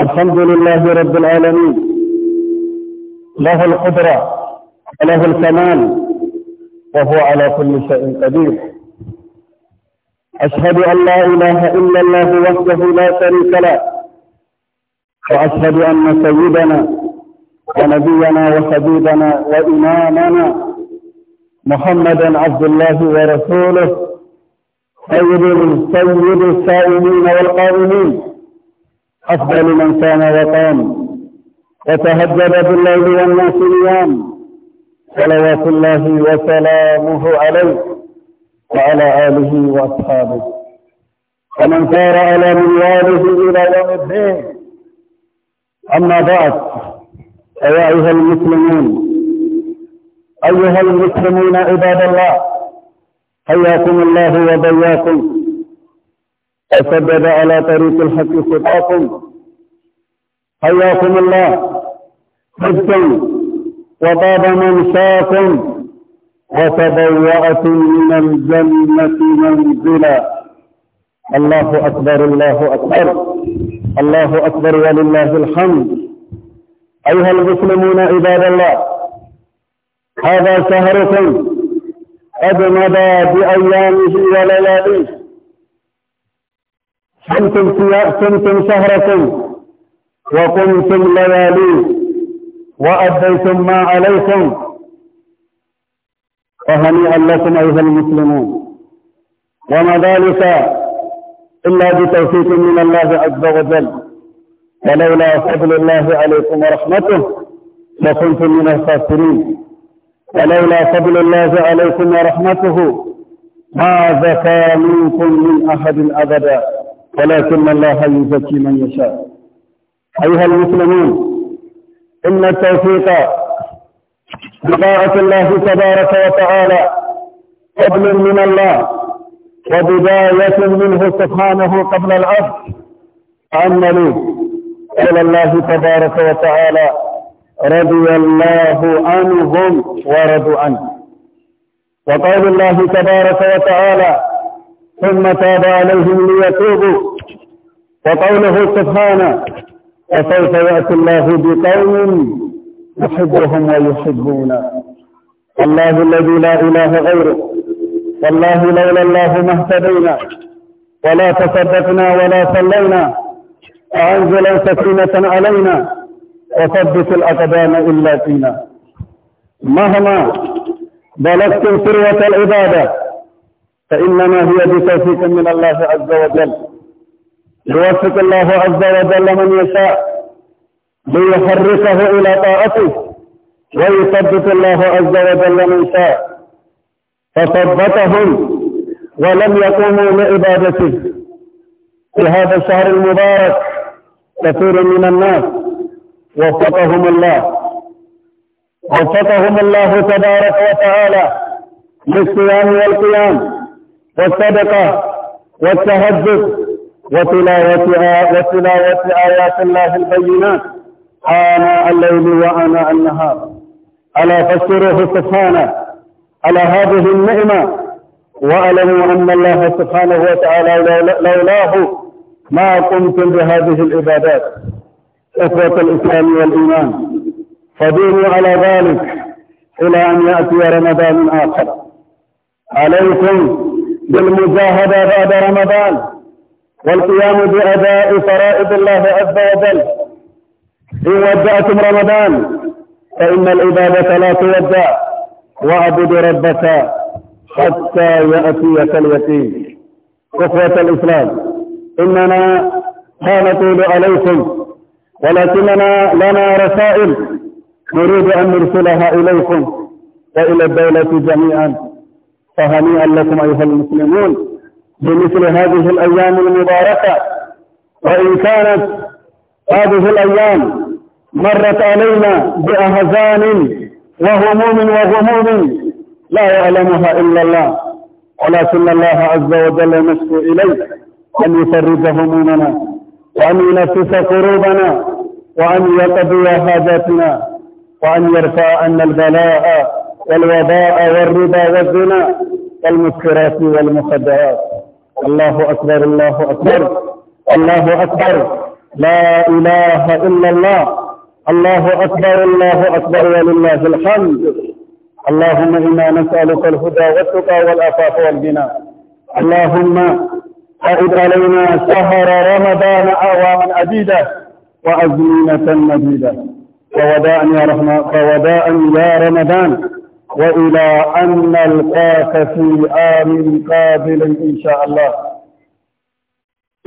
الحمد لله رب العالمين له القدرة وله الكمال وهو على كل شيء قدير أشهد أن لا إله إلا الله وحده لا شريك له وأشهد أن سيدنا ونبينا وحبيبنا وإمامنا محمدا عبد الله ورسوله سيد سيد السائلين والقائمين أفضل من صام وقام وتهجد بالليل والناس نيام صلوات الله وسلامه عليه وعلى آله وأصحابه ومن سار على منواله إلى يوم الدين أما بعد أيها المسلمون أيها المسلمون عباد الله حياكم الله وبياكم أسدد على طريق الحق خطاكم حياكم الله خبتم وطاب منشاكم وتبوأتم من الجنة منزلا الله أكبر الله أكبر الله أكبر ولله الحمد أيها المسلمون عباد الله هذا شهركم قد مضى بأيامه ولياليه صمتم صمتم شهركم وقمتم ليالي وأديتم ما عليكم فهنيئا لكم أيها المسلمون وما ذلك إلا بتوفيق من الله عز وجل ولولا فضل الله عليكم ورحمته لكنتم من الخاسرين ولولا فضل الله عليكم ورحمته ما زكى منكم من أحد أبدا ولكن الله يزكي من يشاء أيها المسلمون إن التوفيق بطاعة الله تبارك وتعالى قبل من الله وبداية منه سبحانه قبل العبد عملوا إلى الله تبارك وتعالى رضي الله عنهم ورضوا عنه وقول الله تبارك وتعالى ثم تاب عليهم ليتوبوا وقوله سبحانه وسوف يأتي الله بقوم يحبهم ويحبونه الله الذي لا إله غيره والله لولا الله ما اهتدينا ولا تصدقنا ولا صلينا أنزل سكينة علينا وثبت الأقدام إلا فينا مهما بلغتم ثروة العبادة فإنما هي بتوفيق من الله عز وجل يوفق الله عز وجل من يشاء ليحركه إلى طاعته ويثبت الله عز وجل من شاء فثبتهم ولم يقوموا لعبادته في هذا الشهر المبارك كثير من الناس وفقهم الله وفقهم الله تبارك وتعالى للصيام والقيام والصدقة والتهجد وتلاوة وتلاوة آيات الله البينات آناء الليل وآناء النهار ألا فاذكروه سبحانه على هذه النعمة واعلموا أن الله سبحانه وتعالى لولاه ما قمتم بهذه العبادات إخوة الإسلام والإيمان فدينوا على ذلك إلى أن يأتي رمضان آخر عليكم بالمجاهدة بعد رمضان والقيام بأداء فرائض الله عز وجل إن ودعتم رمضان فإن العبادة لا تودع واعبد ربك حتى يأتيك اليتيم إخوة الإسلام إننا لا نطول عليكم ولكننا لنا رسائل نريد أن نرسلها إليكم وإلى الدولة جميعا فهنيئا لكم أيها المسلمون بمثل هذه الأيام المباركة وإن كانت هذه الأيام مرت علينا بأهزان وهموم وغموم لا يعلمها إلا الله ولكن الله عز وجل نشكو إليه أن يفرج همومنا وأن ينفس كروبنا وأن يقضي حاجاتنا وأن يرفع عنا البلاء والوباء والربا والزنا والمسكرات والمخدرات الله أكبر الله أكبر الله أكبر لا إله إلا الله الله أكبر الله أكبر ولله الحمد اللهم إنا نسألك الهدى والتقى والأفاق والبناء اللهم أعد علينا شهر رمضان أعواما عديدة وأزمنة مديدة ووداء يا رحمة ووداء يا رمضان وإلى أن نلقاك في آمن قابل إن شاء الله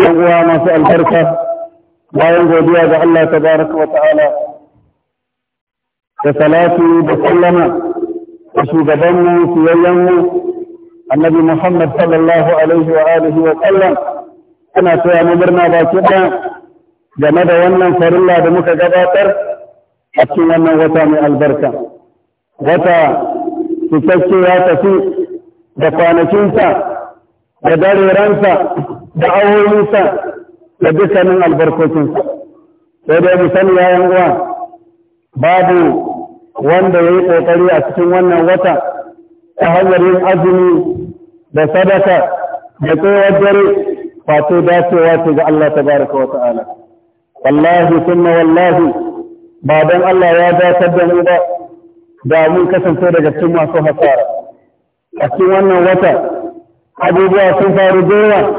أولا نسأل بركة لا ينزل بيها الله تبارك وتعالى فسلاتي بسلم أشهد بني في يومي النبي محمد صلى الله عليه وآله وسلم أنا سوى نمرنا باكرنا جمد ونن فرلا بمكة جباتر أشهد أنه وتامي البركة wata cikakke ya tafi da kwanakinsa da dareransa da awoyinsa da dukkanin albarkokinsa sai dai mu sani yayan uwa babu wanda ya yi ƙoƙari a cikin wannan wata ta hanyar yin azumi da sadaka da tsawon dare wato dacewa ce ga Allah ta baraka wa ta'ala wallahi sunna wallahi ba don Allah ya dakatar da mu ba da mun kasance daga cikin masu hasara a cikin wannan wata abubuwa sun faru da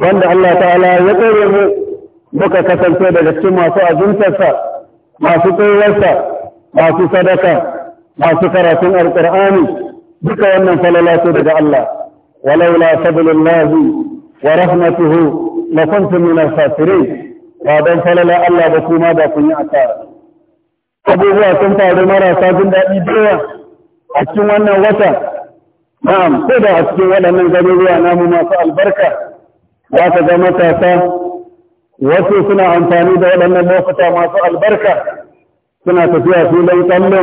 wanda Allah ta'ala ya tsere mu muka kasance daga cikin masu azumtarsa masu tsayuwarsa masu sadaka masu karatun alƙur'ani duka wannan falala su daga Allah walaula fadlullahi wa rahmatuhu la kuntum min al-khasirin ba dan falala Allah ba kuma da kun yi asara abubuwa sun faru marasa jin daɗi da a cikin wannan wata na'am ko da a cikin waɗannan garuruwa namu masu albarka za ka ga matasa wasu suna amfani da waɗannan lokuta masu albarka suna tafiya filin kallo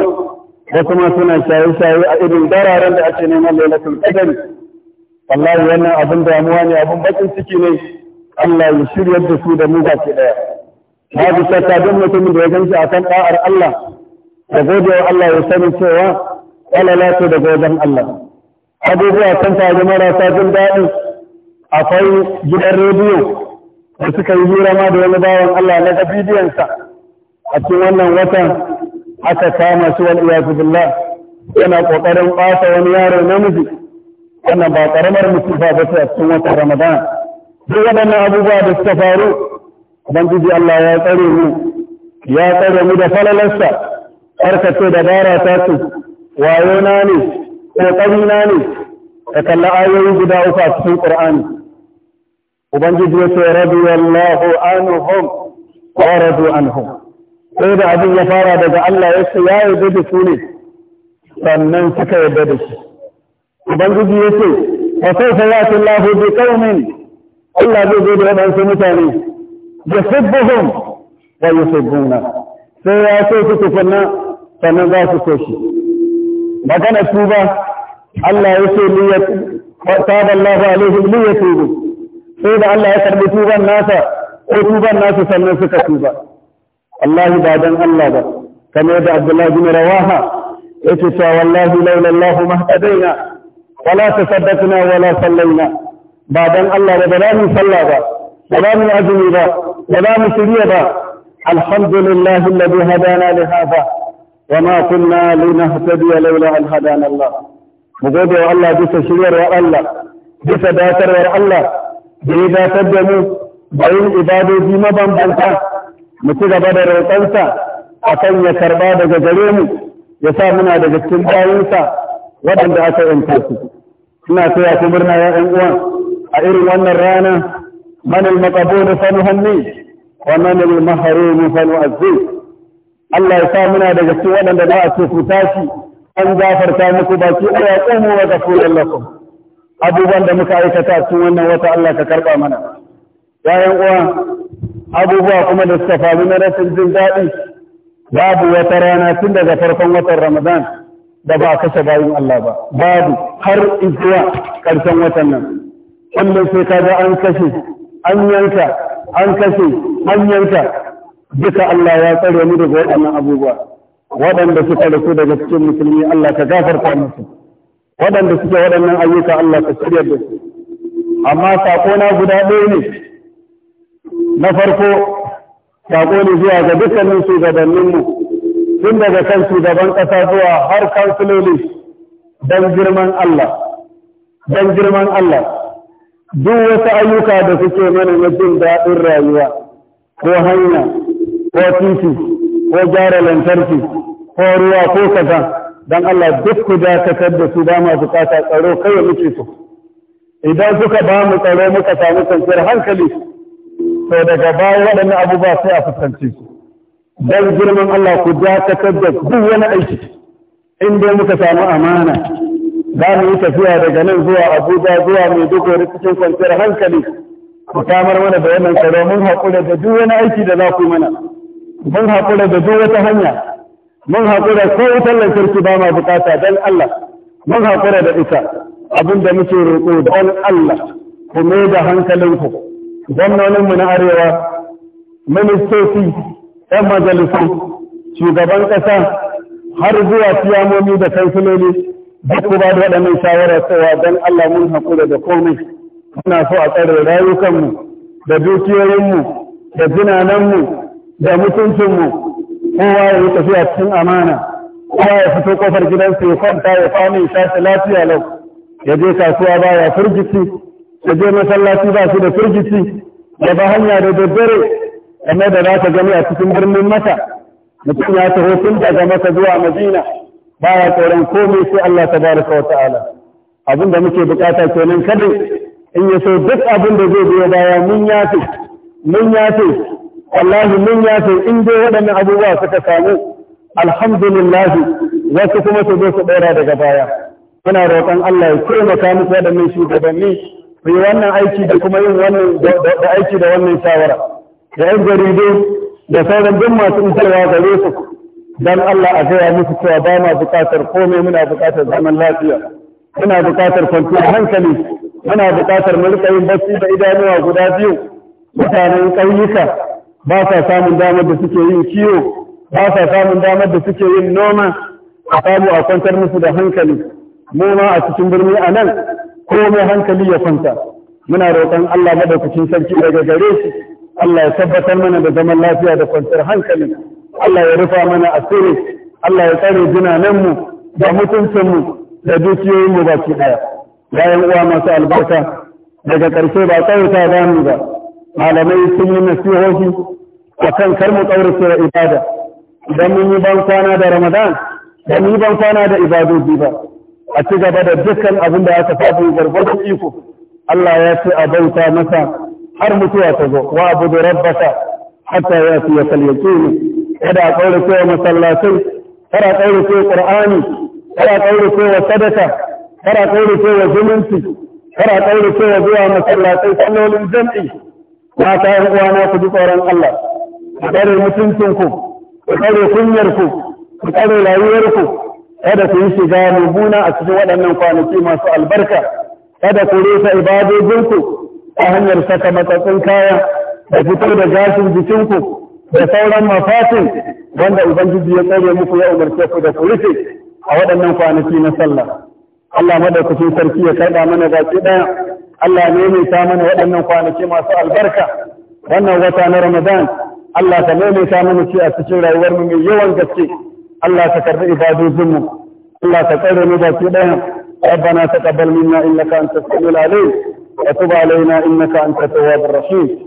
wasu ma suna shaye-shaye a irin dararen da ake neman lailatul qadari wallahi wannan abin damuwa ne abin bakin ciki ne Allah ya shiryar da su da mu baki ɗaya. babu shakka don mutumin da ya ganci a kan ɗa'ar Allah da gode wa Allah ya sani cewa alala ce daga wajen Allah abubuwa kan faru marasa jin daɗi akwai gidan rediyo da suka yi hira ma da wani bawan Allah na bidiyonsa a cikin wannan watan aka kama su wal iyazu billah yana ƙoƙarin ɓata wani yaro namiji wannan ba ƙaramar musifa ba ce a cikin watan Ramadan duk waɗannan abubuwa da suka faru ubangiji Allah ya tsare mu ya tsare mu da falalarsa harkace da bara ta ce wayo na ne kokari na ne ka kalla ayoyi guda uku a cikin ƙur'ani ubangiji ya ce radiyallahu anhum wa radu anhum sai da abin ya fara daga Allah ya ce ya yi da su ne sannan suka yarda da shi ubangiji ya ce fa sai ya Allah Allah zai zo da wadansu mutane yuhibbuhum wa yuhibbuna sai ya sai su tukunna sannan za su so shi magana tuba Allah ya ce li ya taba Allah alaihim li yatubu sai da Allah ya karbi tuban nasa ko tuban nasa sannan suka tuba wallahi ba dan Allah ba kamar da Abdullahi bin Rawaha yace cewa wallahi laula Allah mahtadaina wala tasaddaqna wala sallaina ba dan Allah ba da mu sallah ba ba mu azumi ba ولا مسليبا الحمد لله الذي هدانا لهذا وما كنا لنهتدي لولا أن هدانا الله مقود يا الله بس شرير يا الله بس داتر يا الله بإذا تدموا بين إبادة دي مبنبنتا متى بابا وطنسا أكن يكربا دجا جريمو يسامنا دجا تنباينسا ودن دعسا انتاسي ina taya ku murna ya ɗan uwan a irin wannan من المقبول فنهنيه ومن المحروم فنؤذيه Allah ya sa muna da cikin waɗanda za ce ku tashi an gafarta muku baki ɗaya ƙumu wa gafurin lakum abubuwan da muka aikata cikin wannan wata Allah ka karɓa mana Ya'yan uwa abubuwa kuma da suka faru na rashin jin babu wata rana tun daga farkon watan Ramadan da ba a kashe bayan Allah ba babu har zuwa ƙarshen watan nan Wannan sai ka ga an kashe an yanka an kashe an yanka duka Allah ya tsare mu daga waɗannan abubuwa waɗanda suka rasu daga cikin musulmi Allah ka gafarta musu waɗanda suke waɗannan ayyuka Allah ka shirya da su amma sako na guda ɗaya ne na farko sako ne zuwa ga dukkanin shugabanninmu tun daga kan shugaban ƙasa zuwa har kansiloli don girman Allah don girman Allah duk wasu ayyuka da suke mana na jin daɗin rayuwa ko hanya ko titi ko gyara lantarki ko ruwa ko kaza don Allah duk ku dakatar da su ba ma bukata tsaro kawai muke so idan suka ba mu tsaro muka samu kwanciyar hankali to daga baya waɗannan abubuwa sai a fuskanci su don girman Allah ku dakatar da duk wani aiki in dai muka samu amana za mu yi tafiya daga nan zuwa abuja zuwa maiduguri cikin kwanciyar hankali ku samar mana da wannan tsaro mun haƙura da duk wani aiki da za ku mana mun haƙura da duk wata hanya mun haƙura ko wutar lantarki ba ma bukata don allah mun haƙura da ita abin da muke roƙo don allah ku mai da hankalinku mu na arewa ministoci ‘yan majalisu shugaban ƙasa har zuwa fiyamomi da kansiloli duk ba da waɗannan shawara cewa don Allah mun haƙura da komai muna so a tsare rayukanmu da dukiyoyinmu da zinananmu da mutuncinmu kowa ya yi tafiya cikin amana kowa ya fito kofar gidansa ya kwanta ya fami shafi lafiya lau ya je kasuwa ba ya firgici ya je masallaci ba su da firgici ya ba hanya da daddare amma da za ta gani a cikin birnin mata mutum ya taho tun daga masa zuwa madina baya tsoron komai sai Allah tabaraka wa ta'ala abin da muke bukata kenan kadai in ya so duk abin da zai biyo baya mun yafe mun yafe wallahi mun yafe in dai waɗannan abubuwa suka samu alhamdulillah wasu kuma su zo su ɗora daga baya muna roƙon Allah ya taimaka muku waɗannan shugabanni ku yi wannan aiki da kuma yin wannan da aiki da wannan shawara da 'yan jaridu da sauran duk masu isarwa gare su dan Allah a gaya musu cewa ba ma buƙatar komai muna buƙatar zaman lafiya muna buƙatar kwanciyar hankali muna buƙatar mu basi bacci da idanuwa guda biyu mutanen ƙauyuka ba sa samun damar da suke yin ciwo ba sa samun damar da suke yin noma a samu a kwantar musu da hankali mu ma a cikin birni a nan komai hankali ya kwanta muna roƙon Allah madaukakin sarki daga gare shi Allah ya tabbatar mana da zaman lafiya da kwanciyar hankali Allah ya rufa mana asiri Allah ya tsare mu da mutuncinmu da dukiyoyinmu baki ɗaya bayan uwa masu albarka daga ƙarshe ba tsawaita ba mu ba malamai sun yi nasihohi a kan kar mu ƙaurace wa ibada idan mun yi ban kwana da ramadan da mun yi ban kwana da ibadoji ba a ci gaba da dukkan abin da aka faɗi gargwadon iko Allah ya ce a bauta masa har mutuwa ta zo wa abu da rabbaka hatta ya fiye kalyake ne kada a ƙaurace wa masallatai kada a ƙaurace wa ƙur'ani kada a ƙaurace wa sadaka kada a ƙaurace wa zumunci kada a ƙaurace wa zuwa masallatai sallolin jam'i na ta yan uwana ku ji tsoron Allah ku tsare mutuncinku ku tsare kunyarku ku tsare rayuwarku kada ku yi shiga mummuna a cikin waɗannan kwanaki masu albarka kada ku ibadojin ku ta hanyar saka matsatsin kaya da fitar da gashin ku da sauran mafatin wanda ubangiji ya tsare muku ya umarce ku da ku rufe a waɗannan kwanaki na sallah Allah madaukakin sarki ya kaɗa mana baki ɗaya Allah ne mai ta mana waɗannan kwanaki masu albarka wannan wata na Ramadan Allah ka maimaita mana shi a cikin rayuwar mu mai yawan gaske Allah ka karbi ibadojin mu Allah ka tsare mu baki ɗaya ربنا تقبل منا انك انت السميع العليم وتب علينا انك انت التواب الرحيم